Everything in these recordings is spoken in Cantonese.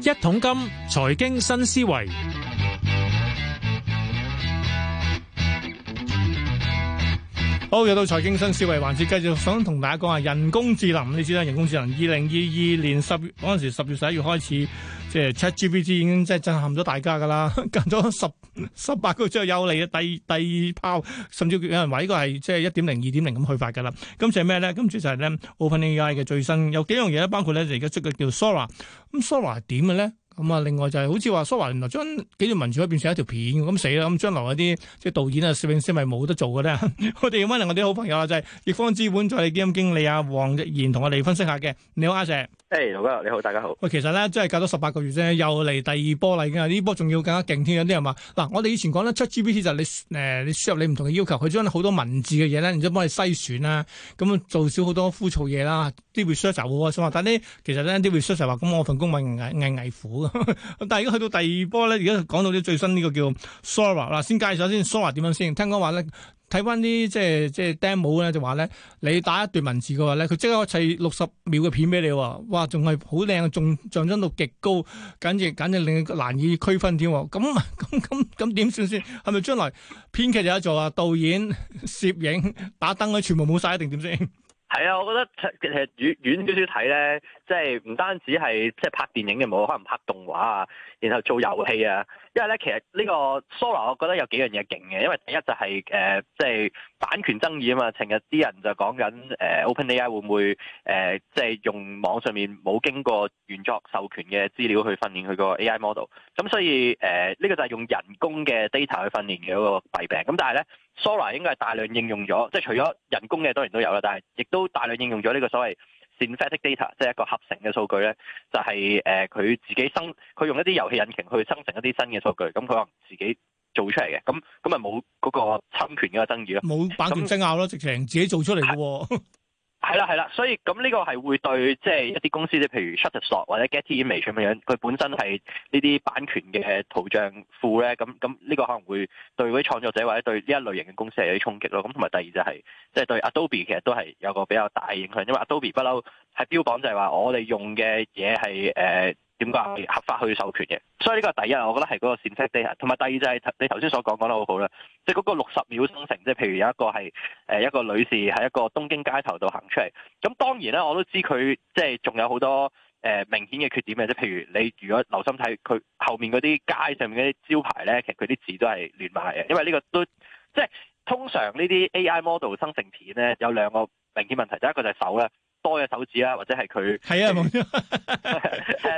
一桶金財經新思維，好又到財經新思維，環節繼續想同大家講下人工智能。你知啦，人工智能二零二二年十嗰陣時十月十一月開始，即係 ChatGPT 已經真係震撼咗大家噶啦，近咗十。十八個月之後又嚟嘅，第二炮，甚至有人話呢個係即係一點零二點零咁去法噶啦。今次係咩咧？今次就係咧 OpenAI 嘅最新有幾樣嘢，包括咧就而家出嘅叫 Sora。咁 Sora 係點嘅咧？咁啊，另外就係、是、好似話 Sora 原來將幾條文字可變成一條片，咁死啦！咁將來啲即係導演啊、攝影師咪冇得做嘅咧？ 我哋要歡迎我啲好朋友啊，就係、是、億方資本助理基金經理啊王逸研同我哋分析下嘅。你好阿石。誒，盧、hey, 哥你好，大家好。喂，其實呢，真係隔咗十八個月啫，又嚟第二波啦已經。呢波仲要更加勁添，有啲人話，嗱，我哋以前講得出 GPT 就你誒、呃，你輸入你唔同嘅要求，佢將好多文字嘅嘢呢，然之後幫你篩選啊，咁、嗯、做少好多枯燥嘢啦，啲 research 就好啊。想話，但係咧，其實咧啲 research 話咁，我份工咪捱捱苦嘅。但係如果去到第二波呢，而家講到啲最新呢個叫 Sora，嗱，先介紹先 Sora 點樣先，聽講話呢。睇翻啲即係即係 demo 咧，就話咧，你打一段文字嘅話咧，佢即刻砌六十秒嘅片俾你喎。哇，仲係好靚，仲像真到極高，簡直簡直令難以區分添。咁咁咁咁點算先？係咪將來編劇又一做啊？導演、攝影、打燈嗰啲全部冇晒一定點先？係啊，我覺得其實遠遠少少睇咧。即係唔單止係即係拍電影嘅冇可能拍動畫啊，然後做遊戲啊，因為咧其實呢個 Sora 我覺得有幾樣嘢勁嘅，因為第一就係誒即係版權爭議啊嘛，成日啲人就講緊誒、呃、OpenAI 會唔會誒即係用網上面冇經過原作授權嘅資料去訓練佢個 AI model，咁、嗯、所以誒呢、呃這個就係用人工嘅 data 去訓練嘅一個弊病，咁、嗯、但係咧 Sora 應該係大量應用咗，即係除咗人工嘅當然都有啦，但係亦都大量應用咗呢個所謂。Synthetic data，即係一個合成嘅數據咧，就係誒佢自己生，佢用一啲遊戲引擎去生成一啲新嘅數據，咁佢可能自己做出嚟嘅，咁咁咪冇嗰個侵權嘅爭議咯，冇版權爭拗咯，直情那自己做出嚟嘅。 係啦，係啦，所以咁呢個係會對即係一啲公司，即譬如 Shutterstock 或者 Getty Image 咁樣樣，佢本身係呢啲版權嘅圖像庫咧，咁咁呢個可能會對啲創作者或者對呢一類型嘅公司係有啲衝擊咯。咁同埋第二就係即係對 Adobe 其實都係有個比較大影響，因為 Adobe 不嬲係標榜就係話我哋用嘅嘢係誒。呃點講係合法去授權嘅，所以呢個第一，我覺得係嗰個善用數據。同埋第二就係、是、你頭先所講講得好好啦，即係嗰個六十秒生成，即係譬如有一個係誒一個女士喺一個東京街頭度行出嚟。咁當然咧，我都知佢即係仲有好多誒明顯嘅缺點嘅，即係譬如你如果留心睇佢後面嗰啲街上面嗰啲招牌咧，其實佢啲字都係亂埋嘅，因為呢個都即係、就是、通常呢啲 AI model 生成片咧，有兩個明顯問題，第一個就係手咧。多嘅手指啦，或者係佢係啊，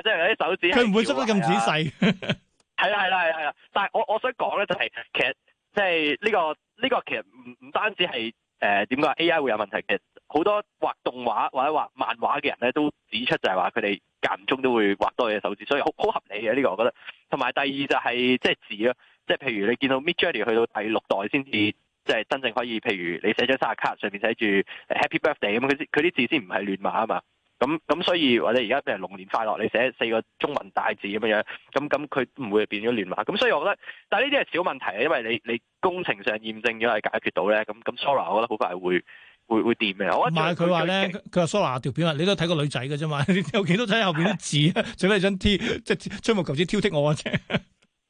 即係嗰啲手指，佢唔會捉得咁仔細。 係啦，係啦，係啦，但係我我想講咧、就係，就係其實即係呢個呢、呢個其實唔唔單止係誒點講，AI 會有問題嘅。好多畫動畫或者畫漫畫嘅人咧，都指出就係話佢哋間唔中都會畫多嘅手指，所以好好合理嘅呢、呢個，我覺得。同埋第二就係即係字咯，即、就、係、係、譬如你見到 Midjourney 去到第六代先至。即係真正可以，譬如你寫咗生日卡，上面寫住 Happy Birthday 咁，佢佢啲字先唔係亂碼啊嘛。咁、嗯、咁、嗯、所以或者而家譬如龍年快樂，你寫四個中文大字咁樣，咁咁佢唔會變咗亂碼。咁、嗯、所以我覺得，但係呢啲係小問題，因為你你工程上驗證咗係解決到咧。咁咁 Sora 我覺得好快會會會掂嘅。是 ora，我唔係佢話咧，佢話 Sora 條片啊，你都睇過女仔嘅啫嘛，有幾多睇後面啲字， 除非想 T 即係吹毛求疵挑剔我啫。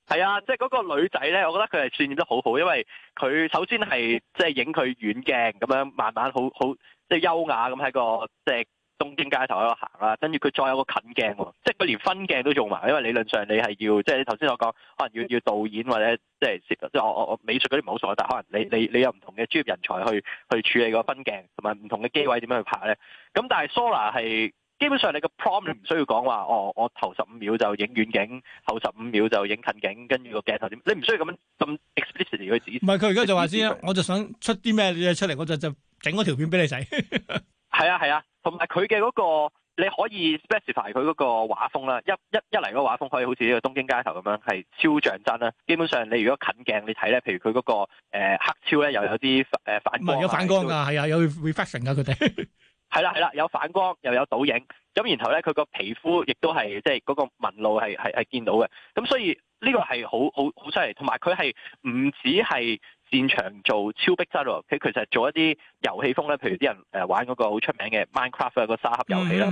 係啊，即係嗰個女仔咧，我覺得佢係算演得好好，因為佢首先係即係影佢遠鏡咁樣，慢慢好好即係優雅咁喺個即係東京街頭喺度行啦，跟住佢再有個近鏡，即係佢連分鏡都用埋，因為理論上你係要即係你頭先所講，可能要要導演或者即係即係我我我美術嗰啲唔好講，但可能你你你有唔同嘅專業人才去去處理個分鏡同埋唔同嘅機位點樣去拍咧，咁但係 Sora 係。基本上你個 prompt 唔需要講話，哦，我頭十五秒就影遠景，後十五秒就影近景，跟住個鏡頭點？你唔需要咁樣咁 explicitly 去指。唔係佢而家就話先，我就想出啲咩嘢出嚟，我就就整嗰條片俾你睇。係啊係啊，同埋佢嘅嗰個你可以 specify 佢嗰個畫風啦，一一一嚟個畫風可以好似呢個東京街頭咁樣係超像真啦。基本上你如果近鏡你睇咧，譬如佢嗰個誒黑超咧，又有啲誒反光。唔係有反光㗎，啊，係啊有 reflection 㗎，啊，佢哋。 係啦，係啦， 有反光又有倒影，咁然後咧，佢個皮膚亦都係即係嗰個紋路係係係見到嘅，咁所以呢個係好好好犀利，同埋佢係唔止係擅長做超逼真咯，佢其實做一啲遊戲風咧，譬如啲人誒玩嗰個好出名嘅 Minecraft 個沙盒遊戲啦，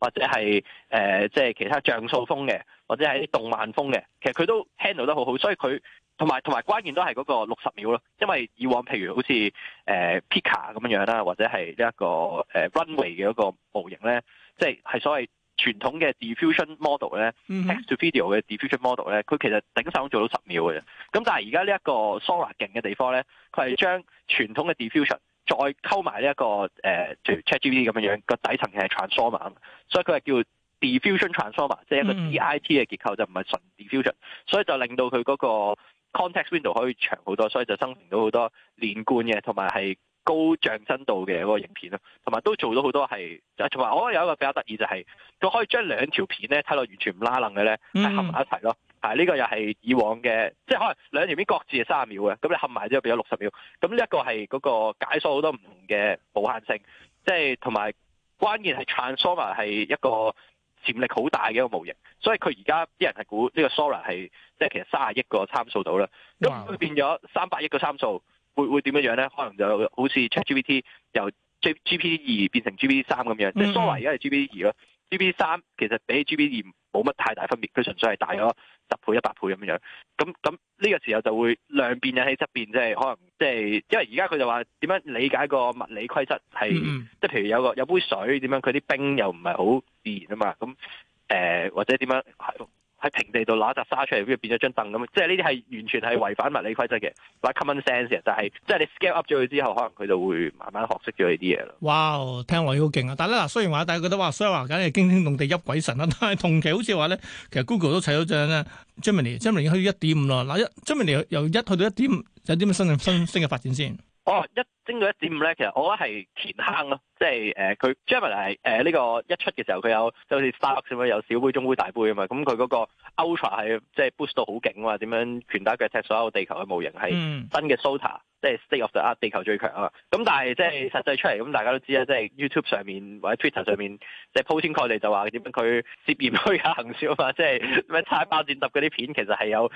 或者係誒即係其他像素風嘅，或者係啲動漫風嘅，其實佢都 handle 得好好，所以佢。同埋同埋關鍵都係嗰個六十秒咯，因為以往譬如好似誒、呃、Pika 咁樣啦，或者係呢一個誒、呃、Runway 嘅一個模型咧，即係係所謂傳統嘅 diffusion model 咧 text to video 嘅 diffusion model 咧，佢其實頂手做到十秒嘅啫。咁但係而家呢、這個呃 er, er, 一個 Sora 勁嘅地方咧，佢係將傳統嘅 diffusion 再溝埋呢一個誒，譬如 ChatGPT 咁樣個底層嘅 Transformer，所以佢係叫 diffusion transformer，即係一個 DIT 嘅結構、mm hmm. 就唔係純 diffusion，所以就令到佢嗰、那個。Context window 可以長好多，所以就生成到好多連貫嘅，同埋係高像真度嘅嗰個影片咯，同埋都做到好多係，同埋我有一個比較得意就係，佢可以將兩條片咧睇落完全唔拉楞嘅咧，係合埋一齊咯，係呢個又係以往嘅，即係可能兩條片各自係三十秒嘅，咁你合埋之後變咗六十秒，咁呢一個係嗰個解鎖好多唔同嘅無限性，即係同埋關鍵係 Transformer 係一個。潛力好大嘅一個模型，所以佢而家啲人係估呢個 Sora 係即係其實卅億個參數到啦，咁佢哇變咗三百億個參數會會點樣樣咧？可能就好似 ChatGPT 由 G G P 二變成 G P 三咁樣，即係 Sora 而家係 G P 二咯，G P 三其實比 G P 二冇乜太大分別，佢純粹係大咗十倍一百倍咁樣樣。咁咁呢個時候就會量變引起質變，即係可能即係因為而家佢就話點樣理解個物理規則係，即係、嗯、譬如有個有杯水點樣，佢啲冰又唔係好。自然啊嘛，咁誒、嗯、或者點樣喺、啊、平地度攞一紮沙出嚟，跟住變咗張凳咁，即係呢啲係完全係違反物理規則嘅，嗱 common sense 啊！就係即係你 scale up 咗佢之後，可能佢就會慢慢學識咗呢啲嘢啦。哇！Wow，聽落去好勁啊！但係咧嗱，雖然話，但係覺得所話，雖然話，梗係驚天動地泣鬼神啦。但係同期好似話咧，其實 Google 都砌咗張咧，Gemini Gemini 已經去到一點五啦。嗱，一 Gemini 由一去到一點五，有啲咩新新新嘅發展先？哦一、oh,。升到一點五咧，其實我覺得係填坑咯，即係誒佢 Gemini 係誒呢個一出嘅時候，佢有即好似 Starbucks 咁樣有小杯、中杯、大杯啊嘛。咁佢嗰個 Ultra 係即係 boost 到好勁啊嘛，點樣拳打腳踢所有地球嘅模型係新嘅 Sota，即係 State of the Art 地球最強啊嘛。咁但係即係實際出嚟，咁大家都知啦，即係 YouTube 上面或者 Twitter 上面即係鋪天蓋地就話點樣佢涉嫌虛假行銷啊嘛，即係咩拆爆戰突嗰啲片其實係有誒、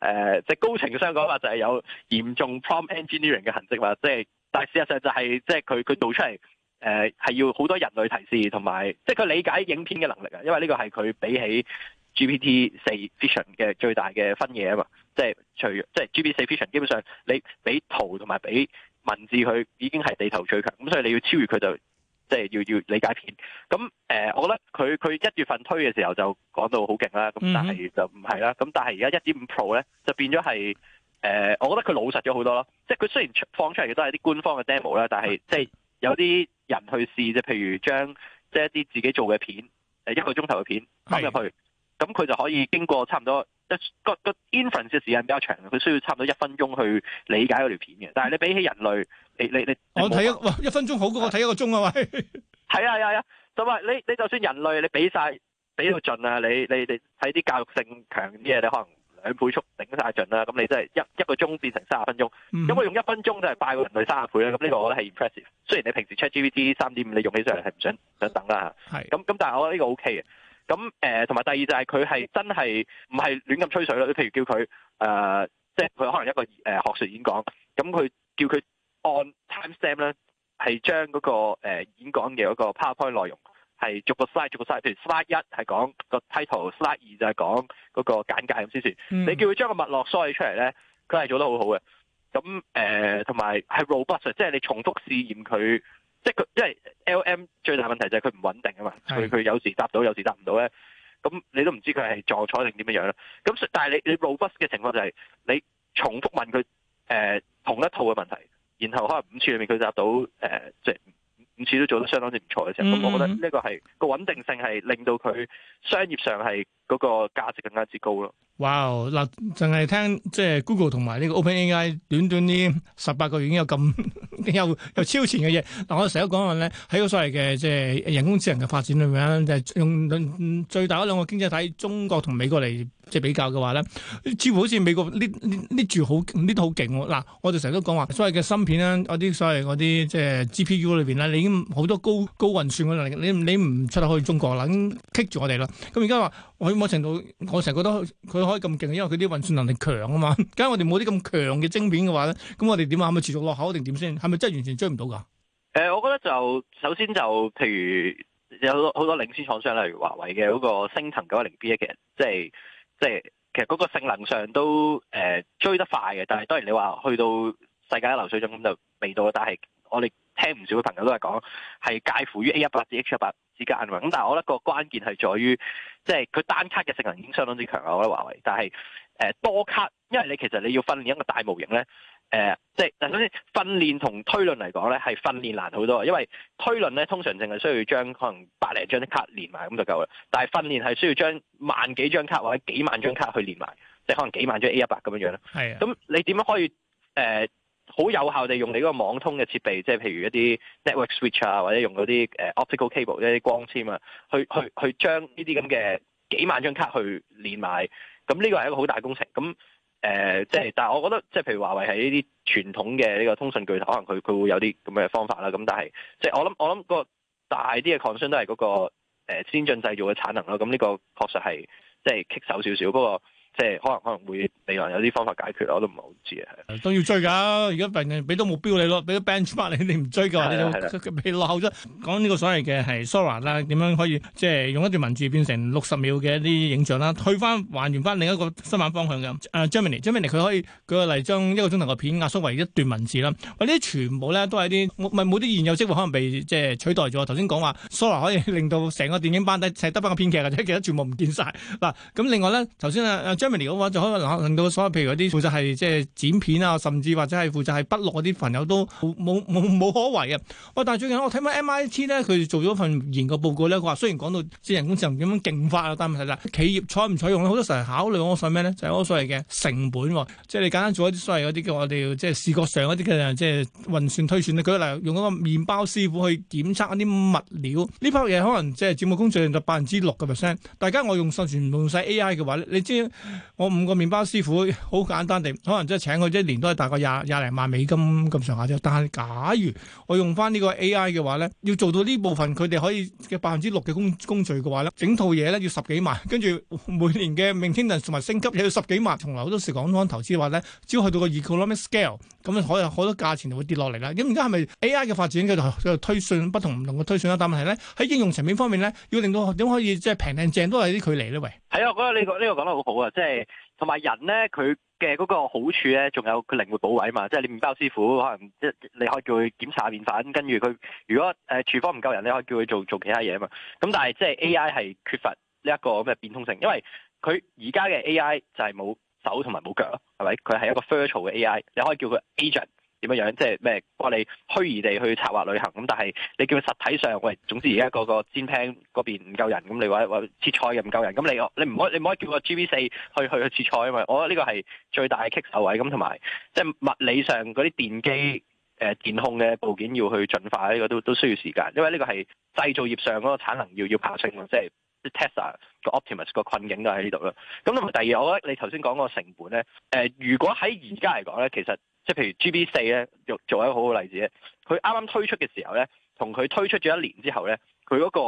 呃、即係高情商講法就係、是、有嚴重 Prompt Engineering 嘅痕跡嘛，即係。即但係事實上就係、是、即係佢佢導出嚟，誒係要好多人類提示同埋即係佢理解影片嘅能力啊，因為呢個係佢比起 GPT 四 Vision 嘅最大嘅分野啊嘛，即係除即係 GPT 四 Vision 基本上你俾圖同埋俾文字佢已經係地頭最強，咁所以你要超越佢就即係要要理解片。咁誒、呃，我覺得佢佢一月份推嘅時候就講到好勁啦，咁但係就唔係啦，咁但係而家一點五 Pro 咧就變咗係。誒，我覺得佢老實咗好多咯，即係佢雖然放出嚟亦都係啲官方嘅 demo 啦，但係即係有啲人去試啫，譬如將即係一啲自己做嘅片，誒一個鐘頭嘅片，冧入去，咁佢對 就可以經過差唔多一個個 inference 嘅時間比較長，佢需要差唔多一分鐘去理解嗰條片嘅。但係你比起人類，你你你我睇一，哇，一分鐘好過，我睇一個鐘、嗯、 啊，喂，係啊係啊，就話你你就算人類，你俾晒俾到盡啊，你你你睇啲教育性強啲嘢，你可能。兩倍速頂曬盡啦！咁你真係一一個鐘變成三十分鐘，咁、嗯、我用一分鐘就係快過人類三十倍啦！咁呢個我覺得係 impressive。雖然你平時 check GPT 三點五，你用起上嚟係唔想想等啦嚇。係咁咁，但係我覺得呢個 OK 嘅。咁誒同埋第二就係佢係真係唔係亂咁吹水啦。你譬如叫佢誒，即係佢可能一個誒、呃、學術演講，咁佢叫佢按 timestamp 咧，係將嗰個、呃、演講嘅嗰個 powerpoint 內容。係逐個 s i z e 逐個 s i z e 譬如 slide 一係講個 l e s l i d e 二就係講嗰個簡介咁先算。嗯、你叫佢將個物落篩出嚟咧，佢係做得好好嘅。咁誒同埋係 robust，即係你重複試驗佢，即係佢即係 L M 最大問題就係佢唔穩定啊嘛。佢佢是有時答到，有時答唔到咧。咁你都唔知佢係助彩定點樣樣啦。咁但係你你 robust 嘅情況就係你重複問佢誒、呃、同一套嘅問題，然後可能五處裏面佢答到誒、呃、即係。五次都做得相當之唔錯嘅時候，咁、mm hmm. 我覺得呢個係、呢個穩定性係令到佢商業上係，嗰個價值更加之高咯！哇、wow！嗱、就，是、淨係聽即係 Google 同埋呢個 OpenAI 短短呢十八個月已經有咁有有超前嘅嘢。嗱， 我哋成日都講話咧，喺個所謂嘅即係人工智能嘅發展裏面，咧、就是，用最大嗰兩個經濟體中國同美國嚟即係比較嘅話咧，似乎好似美國搦搦住好搦得好勁嗱， 我哋成日都講話所謂嘅芯片啦，嗰啲所謂嗰啲即係 GPU 裏邊咧，你已經好多高高運算嘅能力，你你唔出得去中國啦，咁棘住我哋啦。咁而家話某程度，我成日覺得佢可以咁勁，因為佢啲運算能力強啊嘛。梗係咁我哋冇啲咁強嘅晶片嘅話咧，咁我哋點啊？係咪持續落口定點先？係咪真係完全追唔到噶？誒，我覺得就首先就譬如有好多好多領先廠商，例如華為嘅嗰個升騰九一零 B 一嘅，即係即係其實嗰個性能上都誒、呃、追得快嘅。但係當然你話去到世界一流水準咁就未到。但係我哋。聽唔少嘅朋友都係講，係介乎於 A 一百至 H 一百之間咁。但係我覺得個關鍵係在於，即係佢單卡嘅性能已經相當之強，我覺得華為。但係誒、呃、多卡，因為你其實你要訓練一個大模型咧，誒、呃，即係但總之訓練同推論嚟講咧，係訓練難好多。因為推論咧通常淨係需要將可能百零張的卡連埋咁就夠啦。但係訓練係需要將萬幾張卡或者幾萬張卡去連埋，即、就、係、是、可能幾萬張 A 一百咁樣樣啦。係啊，咁你點樣可以誒？呃好有效地用你嗰個網通嘅設備，即係譬如一啲 network switch 啊，或者用嗰啲誒 optical cable 一啲光纖啊，去去去將呢啲咁嘅幾萬張卡去連埋，咁、嗯、呢、這個係一個好大工程。咁、嗯、誒、呃，即係但係我覺得，即係譬如華為喺呢啲傳統嘅呢個通訊巨頭，可能佢佢會有啲咁嘅方法啦。咁、嗯、但係，即係我諗我諗個大啲嘅 concern 都係嗰、那個、呃、先進製造嘅產能咯。咁、嗯、呢、這個確實係即係棘手少少，不過。即係可能可能會未來有啲方法解決，我都唔係好知嘅，係都要追㗎。如果俾到目標你咯，俾到 benchmark 你，你唔追嘅話，你就被落後咗。 講呢個所謂嘅係 Sora 啦，點樣可以即係用一段文字變成六十秒嘅一啲影像啦？退翻還原翻另一個新聞方向嘅。啊 Gemini Gemini 佢可以舉個例，將一個鐘頭嘅片壓縮為一段文字啦，或者全部咧都係啲唔係冇啲現有職位可能被即係取代咗，頭先講話 Sora 可以令到成個電影班底係得翻個編劇或者其他全部唔見晒。嗱。咁另外咧，頭先啊嘅話就可能令到所有譬如嗰啲負責係即係剪片啊，甚至或者係負責係筆錄嗰啲朋友都冇冇冇可為啊！喂、哦，但係最近我睇翻 MIT 咧，佢做咗份研究報告咧，話雖然講到智能人工智能點樣勁發啊，但係啦，企業採唔採用咧，好多時候考慮我所咩咧，就係、是、我所謂嘅成本，即係你簡單做一啲所謂嗰啲叫我哋即係視覺上一啲嘅即係運算推算咧。舉個例，用嗰個麵包師傅去檢測一啲物料，呢包嘢可能即係佔我工作量到百分之六嘅 percent。大家我用信全唔用晒 AI 嘅話你知？我五個麵包師傅好簡單地，可能即係請佢一年都係大概廿廿零萬美金咁上下啫。但係假如我用翻呢個 A.I. 嘅話咧，要做到呢部分佢哋可以嘅百分之六嘅工工序嘅話咧，整套嘢咧要十幾萬，跟住每年嘅 maintenance 同埋升級又要十幾萬。從來好多時講講投資嘅話咧，只要去到個 economic scale，咁啊可可多價錢就會跌落嚟啦。咁而家係咪 A.I. 嘅發展佢就推進不同唔同嘅推進啊？但係咧喺應用層面方面咧，要令到點可以即係平靚正都係啲距離咧？喂，係啊，我覺得呢個呢個講得好好啊，即係。即同埋人咧，佢嘅嗰個好處咧，仲有佢靈活補位啊嘛。即係你麵包師傅可能，即你可以叫佢檢查下麵粉，跟住佢如果誒呃廚房唔夠人，你可以叫佢做做其他嘢啊嘛。咁但係即係 A I 係缺乏呢一個咁嘅變通性，因為佢而家嘅 A I 就係冇手同埋冇腳咯，係咪？佢係一個 virtual 嘅 A I，你可以叫佢 agent。點樣樣？即係咩？話你虛擬地去策劃旅行咁，但係你叫佢實體上喂，總之而家個個煎 pan 嗰邊唔夠人，咁你話話切菜又唔夠人，咁你你唔可你唔可以叫個 GV 四去去去切菜啊嘛？我覺得呢個係最大嘅棘手位咁，同埋即係物理上嗰啲電機誒、呃、電控嘅部件要去進化，呢、這個都都需要時間，因為呢個係製造業上嗰個產能要要爬升，即係 Tesla 個 Optimus 個困境都喺呢度啦。咁第二，我覺得你頭先講個成本咧，誒、呃，如果喺而家嚟講咧，其實。即係譬如 G B 四咧，用做，做一個好好例子咧。佢啱啱推出嘅時候咧，同佢推出咗一年之後咧，佢嗰個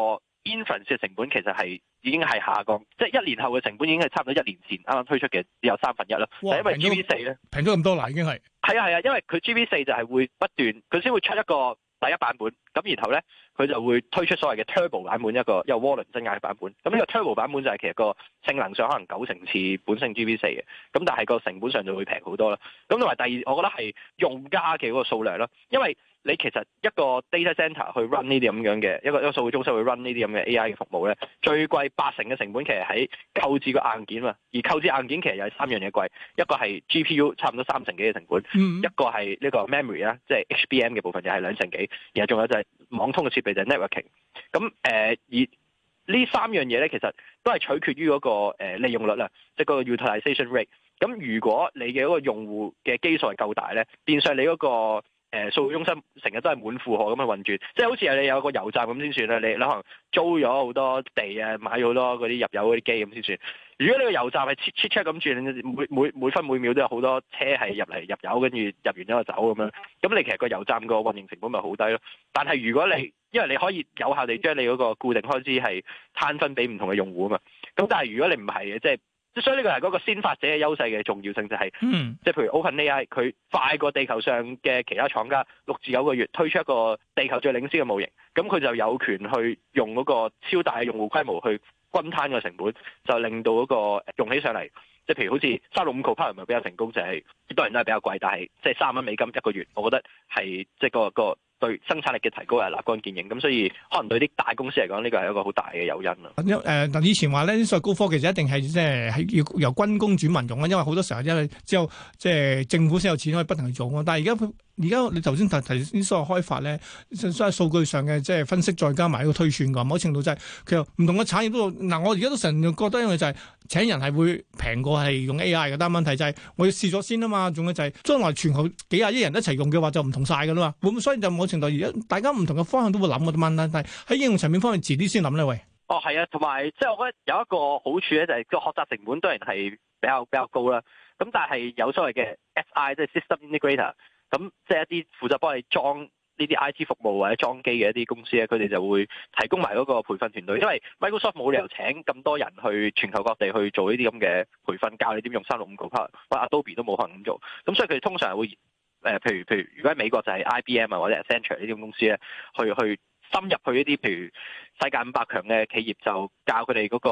inference 嘅成本其實係已經係下降，即係一年後嘅成本已經係差唔多一年前啱啱推出嘅只有三分一啦。哇因為 G B 四咧平咗咁多啦，已經係係啊係啊，因為佢 G B 四就係會不斷，佢先會出一個。第一版本，咁然後咧，佢就會推出所謂嘅 Turbo 版本一個，一個渦輪增壓嘅版本。咁、這、呢個 Turbo 版本就係其實個性能上可能九成次本性 GV 四嘅，咁但係個成本上就會平好多啦。咁同埋第二，我覺得係用家嘅嗰個數量啦，因為。你其實一個 data center 去 run 呢啲咁樣嘅一個一個數據中心去 run 呢啲咁嘅 AI 嘅服務咧，最貴八成嘅成本其實喺購置個硬件啊，而購置硬件其實有三樣嘢貴，一個係 GPU 差唔多三成幾嘅成本，一個係呢個 memory 啊，即係 HBM 嘅部分就係兩成幾，然後仲有就係網通嘅設備就係 networking。咁誒而呢三樣嘢咧，其實都係取決於嗰個誒利用率啦，即係個 utilization rate。咁如果你嘅嗰個用戶嘅基數係夠大咧，變相你嗰、嗰個誒，數據中心成日都係滿負荷咁去運轉，即係好似你有個油站咁先算啦。你你可能租咗好多地啊，買咗好多嗰啲入油嗰啲機咁先算。如果你個油站係切切咁轉，每每每分每秒都有好多車係入嚟入油，跟住入完咗就走咁樣，咁你其實個油站個運營成本咪好低咯。但係如果你因為你可以有效地將你嗰個固定開支係攤分俾唔同嘅用戶啊嘛，咁但係如果你唔係嘅，即係。所以呢個係嗰個先發者嘅優勢嘅重要性，就是，就係、嗯，即係譬如 OpenAI 佢快過地球上嘅其他廠家六至九個月推出一個地球最領先嘅模型，咁佢就有權去用嗰個超大嘅用戶規模去均攤個成本，就令到嗰個用起上嚟，即係譬如好似三六五 Copilot，係咪比較成功？就係、是、當然都係比較貴，但係即係三蚊美金一個月，我覺得係即係個個。對生產力嘅提高係立竿見影，咁所以可能對啲大公司嚟講，呢個係一個好大嘅誘因啦。因誒、呃，以前話咧，啲所謂高科技就一定係即係要由軍工轉民用啊，因為好多時候因為只有即係、呃、政府先有錢可以不停去做，但係而家而家你頭先提提啲所謂開發咧，即係數據上嘅即係分析，再加埋個推算噶，某程度就係其實唔同嘅產業都。嗱我而家都成日覺得因為就係請人係會平過係用 AI 嘅，但問題就係我要試咗先啊嘛。仲有就係將來全球幾廿億人一齊用嘅話，就唔同晒噶啦嘛。會唔會？咁所以就某程度而家大家唔同嘅方向都會諗嘅問題，喺應用層面方面遲啲先諗咧，喂。哦，係啊，同埋即係我覺得有一個好處咧，就係個學習成本當然係比較比較高啦。咁但係有所謂嘅 SI 即係 system integrator。咁即係一啲負責幫你裝呢啲 IT 服務或者裝機嘅一啲公司咧，佢哋就會提供埋嗰個培訓團隊，因為 Microsoft 冇理由請咁多人去全球各地去做呢啲咁嘅培訓，教你點用三六五咁可能，或者 Adobe 都冇可能咁做。咁所以佢哋通常係會、呃、譬如譬如譬如，如果喺美國就係 IBM 啊或者 Accenture 呢種公司咧，去去深入去一啲譬如世界五百強嘅企業，就教佢哋嗰個、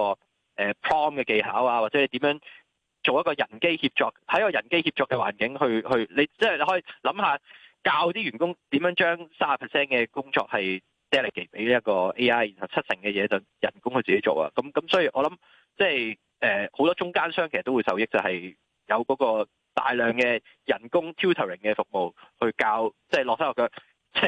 呃、Prom 嘅技巧啊，或者點樣。做一個人機協作，喺一個人機協作嘅環境去去，你即係你可以諗下教啲員工點樣將三十 percent 嘅工作係 delegate 俾一個 AI，然後七成嘅嘢就人工去自己做啊。咁咁，所以我諗即係誒好多中間商其實都會受益，就係有嗰個大量嘅人工 tutoring 嘅服務去教，即係落手落腳，即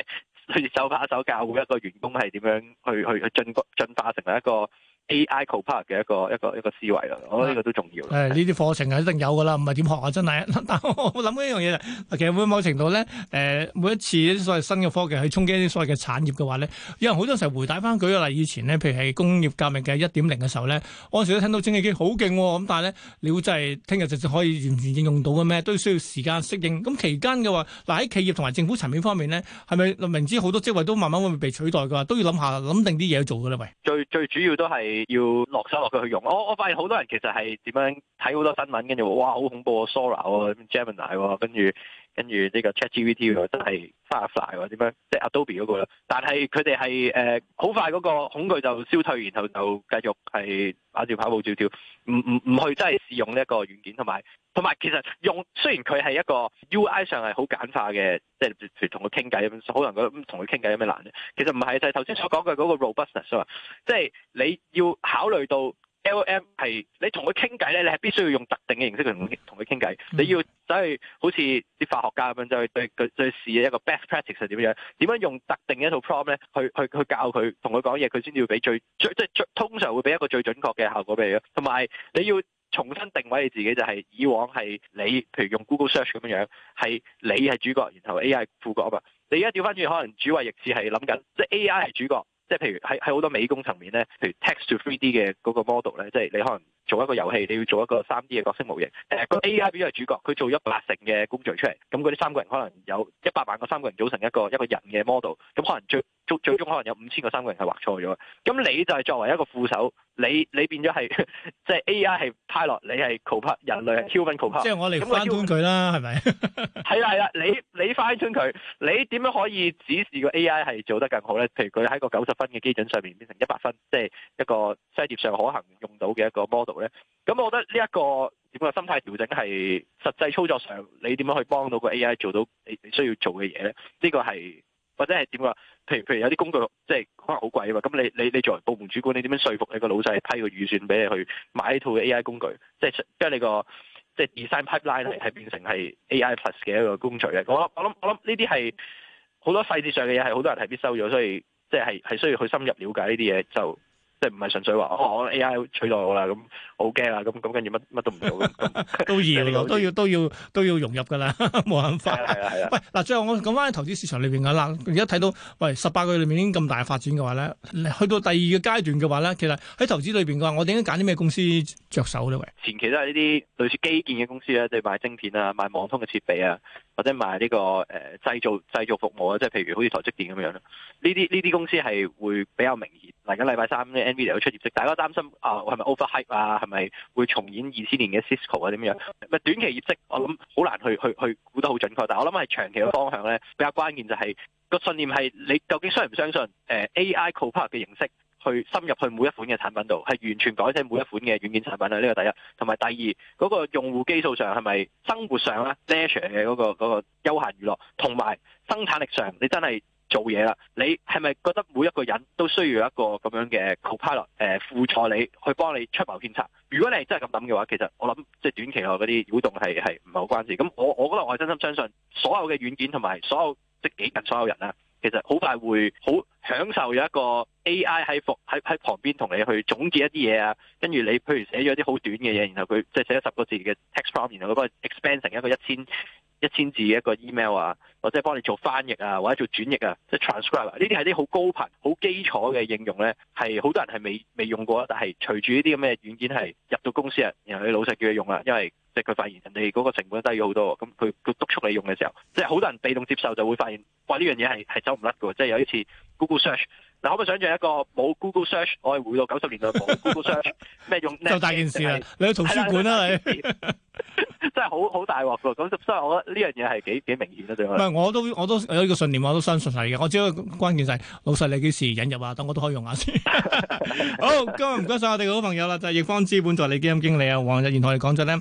係手把手教會一個員工係點樣去去去進進化成為一個 A.I. c o p a r 嘅一個一個一個思維咯，我覺得呢個都重要。誒、啊，呢啲課程係一定有噶啦，唔係點學啊？真係。但我諗緊一樣嘢其實會某程度咧，誒，每一次啲所謂新嘅科技去衝擊啲所謂嘅產業嘅話咧，有人好多時候回帶翻舉個例，以前呢，譬如係工業革命嘅一點零嘅時候咧，我嗰陣時都聽到蒸汽機好勁，咁但係咧，你會真係聽日直接可以完全應用到嘅咩？都需要時間適應。咁期間嘅話，嗱喺企業同埋政府層面方面咧，係咪明知好多職位都慢慢會被取代嘅話，都要諗下諗定啲嘢做噶啦？喂，最最主要都係要落手落腳去用，我我發現好多人其實係點樣睇好多新聞，跟住哇好恐怖啊 Sora 啊，Gemini 跟住。Sora, 跟住呢個 ChatGPT 真係 Firefly 喎，點樣？即係 Adobe 嗰個啦，但係佢哋係誒好快嗰個恐懼就消退，然後就繼續係馬住跑步跳跳，唔唔唔去真係試用呢一個軟件，同埋同埋其實用雖然佢係一個 UI 上係好簡化嘅，即係同佢傾偈，咁，可能佢咁同佢傾偈有咩難咧？其實唔係就係頭先所講嘅嗰個 robustness 即係你要考慮到。L.M. 係你同佢傾偈咧，你係必須要用特定嘅形式同同佢傾偈。嗯、你要走、就、去、是、好似啲化學家咁樣就去、是、對佢去、就是、試一個 best practice 係點樣？點樣用特定嘅一套 prompt 咧去去去教佢同佢講嘢，佢先至會俾最即係通常會俾一個最準確嘅效果俾你。同埋你要重新定位你自己，就係、是、以往係你，譬如用 Google Search 咁樣，係你係主角，然後 A.I. 副角啊嘛。你而家調翻轉，可能主位逆市係諗緊，即、就、係、是、A.I. 係主角。即係譬如喺喺好多美工層面咧，譬如 text to 3D 嘅嗰個 model 咧，即係你可能，做一個遊戲，你要做一個三 D 嘅角色模型。誒、呃，個 AI 係主角，佢做咗八成嘅工序出嚟。咁嗰啲三個人可能有一百萬個，個三個人組成一個一個人嘅 model。咁可能最最最終可能有五千個三個人係畫錯咗。咁你就係作為一個副手，你你變咗係 即係 AI 係 Pilot，你係 Copilot，人類係 Human Copilot。即係我哋翻翻佢啦，係咪？係啦係啦，你你翻翻佢，你點樣可以指示個 AI 係做得更好咧？譬如佢喺個九十分嘅基準上面變成一百分，即、就、係、是、一個商業上可能用到嘅一個 model。咁、嗯、我覺得呢、這、一個點個、嗯、心態調整係實際操作上，你點樣去幫到個 AI 做到你你需要做嘅嘢咧？呢、這個係或者係點話？譬如譬如有啲工具即係可能好貴啊嘛，咁你你你作為部門主管，你點樣説服你個老細批個預算俾你去買呢套 AI 工具，即係將你個即係 design pipeline 係變成係 AI plus 嘅一個工具咧？我我諗我諗呢啲係好多細節上嘅嘢係好多人睇唔收咗，所以即係係需要去深入了解呢啲嘢就。即係唔係純粹話哦我，AI 取代我啦，咁好驚啊！咁咁跟住乜乜都唔做，都易嚟，都要都要都要融入噶啦，冇咁快。喂，嗱，最後我講翻喺投資市場裏邊噶啦，而家睇到喂十八個月裏面已經咁大嘅發展嘅話咧，去到第二個階段嘅話咧，其實喺投資裏邊嘅話，我哋應該揀啲咩公司着手咧？喂，前期都係呢啲類似基建嘅公司啊，即係賣晶片啊，賣網通嘅設備啊。或者賣呢個誒製造製造服務啊，即係譬如好似台積電咁樣咯，呢啲呢啲公司係會比較明顯。嚟緊禮拜三呢，NVIDIA 會出業績，大家擔心、哦、是是啊，係咪 over hype 啊，係咪會重演二千年嘅 Cisco 啊點樣？唔係短期業績，我諗好難去去去估得好準確。但係我諗係長期嘅方向咧，比較關鍵就係、是、個信念係你究竟相唔相信誒、呃、AI copart 嘅形式。去深入去每一款嘅產品度，係完全改寫每一款嘅軟件產品啦。呢個第一，同埋第二嗰個用戶基數上係咪生活上咧 natural 嘅嗰個嗰個休閒娛樂，同埋生產力上你真係做嘢啦。你係咪覺得每一個人都需要一個咁樣嘅 Copilot 誒、呃、輔助你去幫你出謀獻策？如果你係真係咁諗嘅話，其實我諗即係短期內嗰啲擾動是是係係唔係好關事。咁我我覺得我係真心相信所有嘅軟件同埋所有即係幾近所有人啦。其實好快會好享受有一個 AI 喺旁喺喺旁邊同你去總結一啲嘢啊，跟住你譬如寫咗一啲好短嘅嘢，然後佢即係寫咗十個字嘅 text prompt 然後佢幫你 expand 成一個一千。一千字一個 email 啊，或者幫你做翻譯啊，或者做轉譯啊，即係 transcribe 呢啲係啲好高頻、好基礎嘅應用咧，係好多人係未未用過啊。但係隨住呢啲咁嘅軟件係入到公司啊，然後你老細叫佢用啦，因為即係佢發現人哋嗰個成本低咗好多，咁佢佢督促你用嘅時候，即係好多人被動接受就會發現，哇呢樣嘢係係走唔甩㗎，即係有一次 Google Search。嗱，可唔可以想象一個冇 Google Search，我係回到九十年代冇 Google Search，咩 用 ame, 就大件事啦！就是、你去圖書館啦、啊，就是、你 真係好好大鑊噶，咁所以我覺得呢樣嘢係幾幾明顯嘅，對唔？唔係，我都我都,我都有呢個信念，我都相信係嘅。我只要關鍵就係，老細你幾時引入啊？等我都可以用下先。 好，今日唔該晒我哋嘅好朋友啦，就係、是、易方資本助理基金經理啊，王逸研同我哋講咗咧。